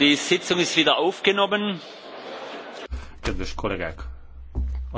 A Sitzung ist Kedves kollégák,